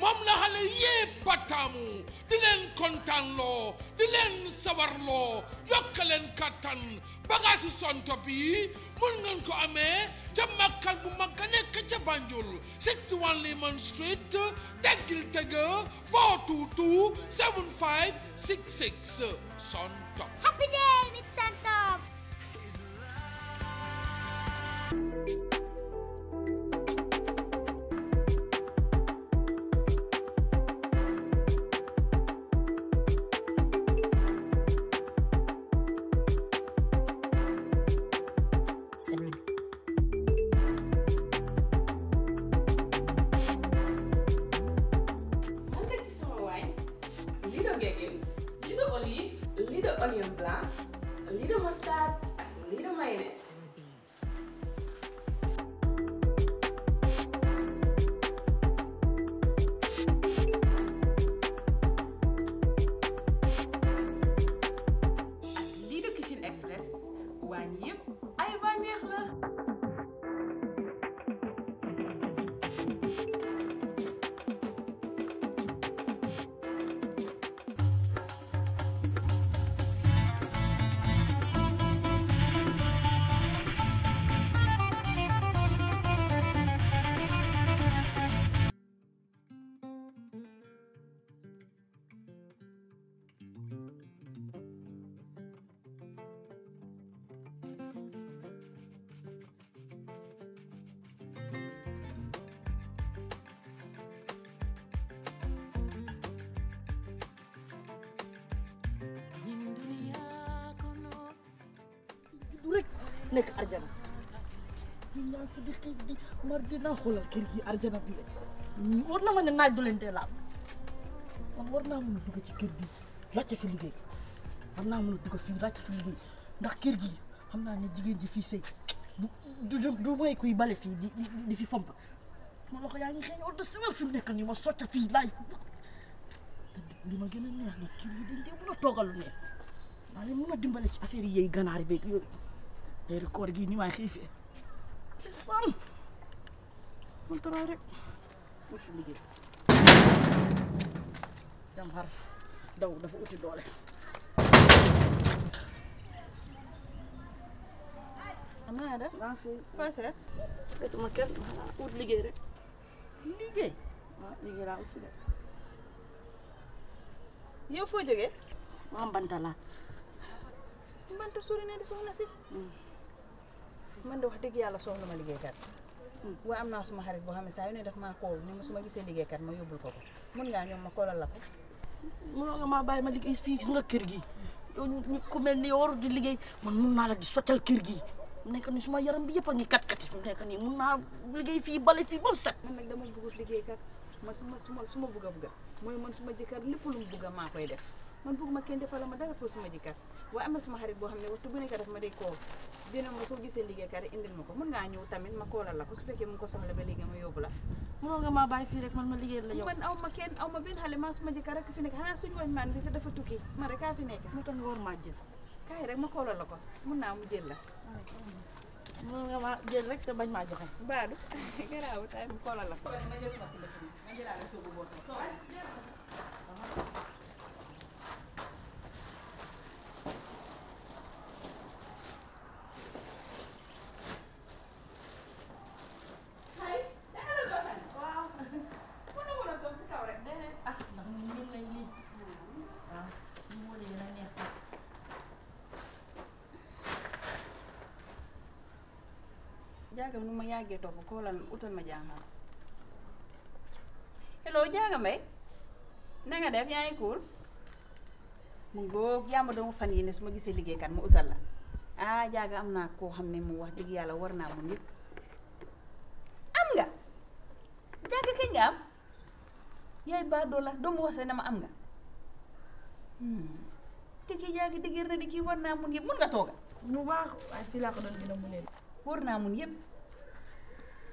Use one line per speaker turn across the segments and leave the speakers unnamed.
moom la xale yépp bataamu di leen kontaanloo di leen sawarloo yokk leen kattan bagaasi sonto bi mun ngeen ko amee ca makkal bu mag a nekk ca Banjul 61 Lehman Street teggil tëgg 422 7566 sonto happy day with
nekk arjana billaay fa di xiif di mar dinaa xoolal kër gi arjana bi rek hmm, war na ma ne naaj du leen dee laal man war naa mën a dugg ci kër gi laajte fi liggéey war naa mën a dugg fii laajte fi liggéey ndax kër gi xam naa ne jigéen ji fii sëy du du mooy kuy bale fii di di fi ma mu nekk nii ma socc fii laaj li ma gën a neex nag kër yi dañ a toogalu ne daa leen mën a dimbale ci affaire yi ganaar beeg record gini maar geef je. Sam! Moet er maar Moet je niet. Dan maar. Dauw, dat voelt je dolle. Amma udah Na fi. Kwasa? Da kuma kan ud lige da. Lige? Ma ah, lige ra iya, usi da. Yo ya? fo dige? Ma bantala. Bantu suri ne da sunna si. Mm. man de wax dëgg yàlla soxla ma liggéeykat hmm. waaye am naa suma xarit boo xam ne saa yu def daf maa kool ni ma su ma gisee ma yóbbul ko ko mën ngaa ma la ko mënoo nga maa bàyyi ma liggéey fii gis nga kër gi ñu ku mel ni waru di liggéey man mun naa la di sottal kër gi nekk ni suma yaram bi yëpp a ngi kat kat nekk nii mun naa liggéey fii bale fii ba mu set man nag dama liggéey liggéeykat man suma suma su ma bëgg a mooy man suma jëkkër lépp lu mu maa koy def man bëgguma kenn defal ma dara pour suma jëkkër waaye am na suma xarit boo xam ne waxtu bu nekk daf ma day koo dina ma soo ma ko mën ngaa ñëw tamit ma koolal la ko su fekkee mu ngi ko soxla ba léegi ma yóbbu la mënoo nga maa bàyyi fii rek man ma liggéeyal la yow man aw ma kenn aw ma benn xale maa suma jëkkër rek fi nekk xanaa suñu wañ maan bi dafa tukki ma rek kaa fi nekk mu tax nga war maa jël kaay la ko mën naa mu jël la mën la ko jaga nu ma yàggee topp koolal utal ma jàngal hello jaga mbay na nga def yaay ngi cool mu gog yamba do fan yi ne suma ma ligge kan mu utal la ah jaga amna ko xamne mu wax dëgg yalla warna mu nit am nga jaga ke nga yaay ba do la mu wax na ma am nga hmm. te kii jaga digir na di kii war naa mun nga toga mu baax asila ko don dina mu ne warna mu mun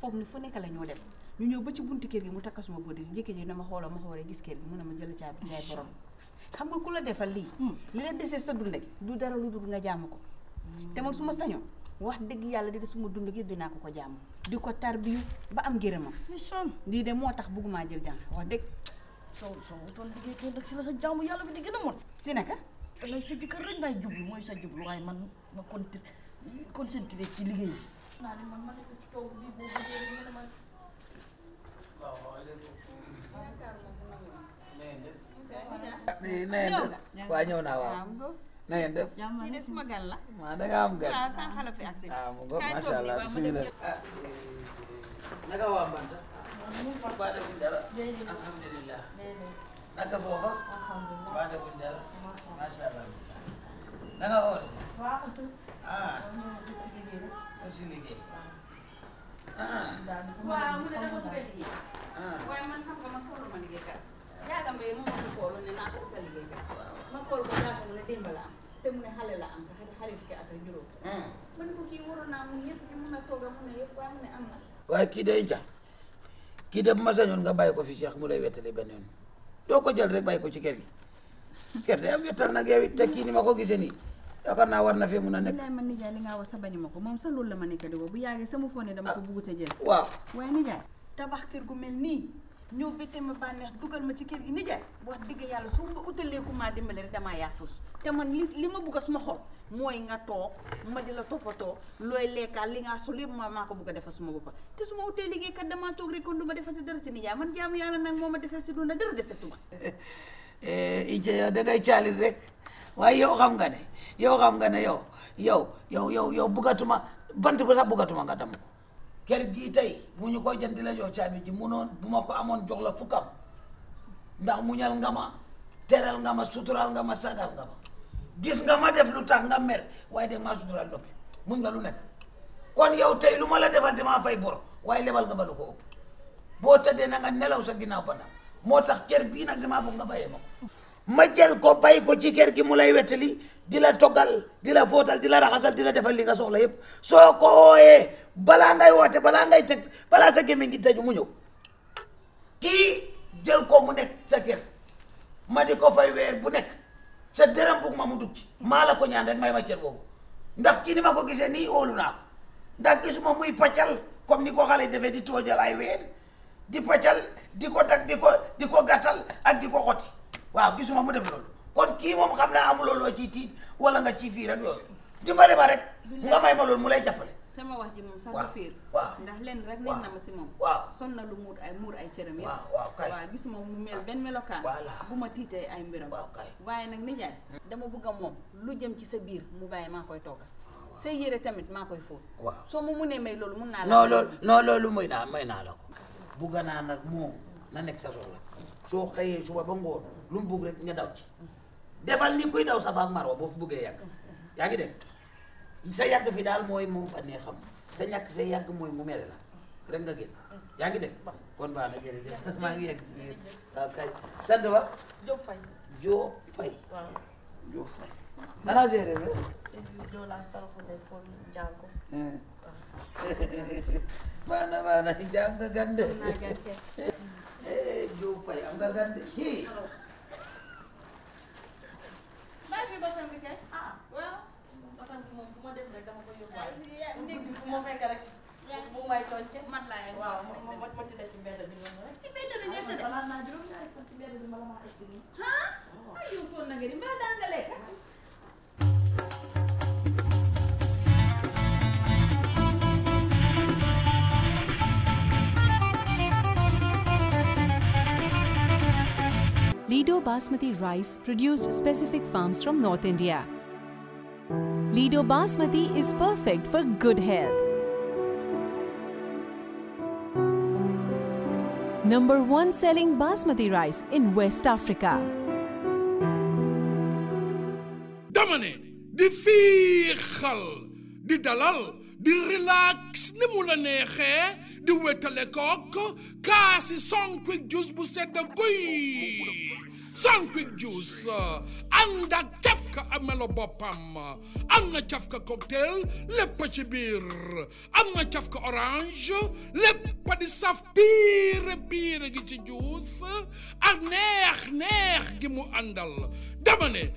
foog ni fu nekk la ñoo dem ñu ñew ba ci buntu kër gi mu takka suma bodi njëkki ji dama xolam ma gis kër gi mu na ma jël caabi ngay borom xam nga kula defal li hmm. li la déssé sa dund du dara lu dund nga jamm ko hmm. té mo suma sañu wax dëgg yalla di suma dund gi dina ko ko jamm di tarbiyu ba am ma lii de moo tax bëggumaa jël jàng wax dëgg so so ton liggéey toon rek sila sa jamm yalla bi di gën mon si naka lay sa jëkkër rek ngay jublu moy sa jublu way man ma concentré ci liggéey naa ne man ma nekk ci toog bi boo bëggee mu ngoog macha allah bisimilah. ah naka waa Mbanta. waa defuñ dara. alhamdulilah. naka foofa. waa allah. naka oor pour si ah. ah. waaw mu ne dafa bëgg a liggéey. Ah. waaye nga man moom ma xooloon ne naa ko bëgg a liggéeykat. ma
kii waroon ja kii de bu sañoon nga bàyyi ko fi Cheikh mu lay wettali benn doo ko jël rek bàyyi ko ci kër gi kër day am wettal nag yow it te kii ni ma ko gisee nii.
yakarna naa war na fee mun a nekk bilaay man nijaay li nga wax sa bañuma ko sa loolu la ma nekk di bu yàggee sama fone dama ko bugu a jël waaw waaye nijaay tabax keur gu melni ñu bété ma banex duggal ma ci keur gi nijaay wax digg yalla su ma ko ma dimbale rek damaa yaafus te man li ma bugga a suma xol moy nga tok ma di la toppatoo looy lekkaal li nga sol yëpp ma mako bugga defa a defal suma boppa te suma ma utee kat dama tok rek ko du defa ci dara si nijaay man jaamu yàlla nag moo ma dese si dunda dara
eh Ija da ngay chalir rek waaye yow xam nga ne yow xam nga ne yow yow yow yow yow bëggatuma bant bi sax bëggatuma nga dem ko kër gii tey bu ñu ko jënd la jox caabi ji munoon bu ma ko amoon jox la fukkam ndax muñal nga ma teral nga ma sutural nga ma sagal nga ma gis nga ma def lu tax nga mer waaye de maa sutural noppi muñ nga lu nekk kon yow tey lu ma la defal damaa fay bor waaye lebal nga ba lu ko ëpp boo tëddee na nga nelaw sa ginnaaw ba moo tax cër bii nag damaa bëgg nga bàyyee ma ko ma ko bay ko ci kër gi mu lay wettali di la dila di dila fóotal di defal li nga soxla yépp soko ko bala ngay woote bala ngay teg bala sa gemi ngi tëju mu ñëw ki jël ko mu nekk sa kër ma di ko fay weer bu nekk sa dërëm bu ma mu dugg ci la ko ñaan rek may ma cër bobu ndax ki ni mako ko ni nii óolu naa ko ndax gisuma muy paccal comme ni ko xalé di tojal ay di paccal di ko diko di ko di ko ak di ko koti. waaw gisuma mu def loolu kon kii moom xam naa amuloo loo ciy tiit wala nga ciy fii rek yooyu dimbale ma rek nga may ma loolu mu lay jàppale
sama wax ji moom sax du fiir waaw ndax lenn rek nekk na si moom waaw son na lu muur ay muur ay cëram yëpp mu mel ah, benn melokaan bu ma tiitee ay mbiram waaye nag nijaay dama bëgg a moom lu jëm ci sa biir mu bàyyi maa koy toggal ah, say yére tamit maa koy fóot waaw soo mu munee may loolu mun naa la non loolu non loolu muy naa
may naa la ko bugga naa nag moom na nekk sa soxla soo xëyee suba ba ngoon lu mu bugg rek nga daw ci defal ni kuy daw safa ak marwa boo fi buggee yàgg yaa ngi dégg sa yàgg fi daal mooy moom fa nee xam sa yàgg mooy mu mere la rek nga génn maa ngi yegg si yéen waaw kay eh Diop Faye am nga gan de hi.
bàyyi fi Basan bi kay. ah waaw. Basan bi moom fu ma dem rek dama ko yóbbuwaay. ndeg bi fu ma fekk rek. bu may tonte mat laa waaw ma ma ma tëdd ci mbedd bi noonu rek. ci mbedd bi nga tëdd. balaa naa juróom ñaari fan ci mbedd bi ma la maa egsi nii. ah yow sonn na nga ni mbaa daal nga lekk. basmati rice produced specific farms from North India. Lido basmati is perfect for good health. Number 1 selling basmati rice in West Africa.
dama di fiixal di dalal di relax ni mula la di wétale kook kasi song quick juice bu sedd guy some quick juice, uh, cafka amelo am na cafka cocktail ci biir na cafka orange lépp di saf gi ci juus ak neex neex gi mu àndal dama ne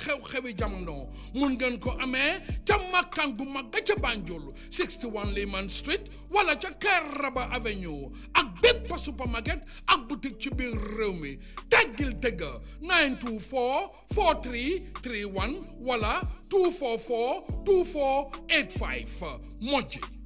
xew-xewi jamono mun ko amee ca makkaan gu mag ca Banjul 61 Lehman Street wala ca Kairaba Avenue ak bépp supermarket ak boutique ci biir réew mi teggil dëgg 924 4331 wala 244 2485 mojji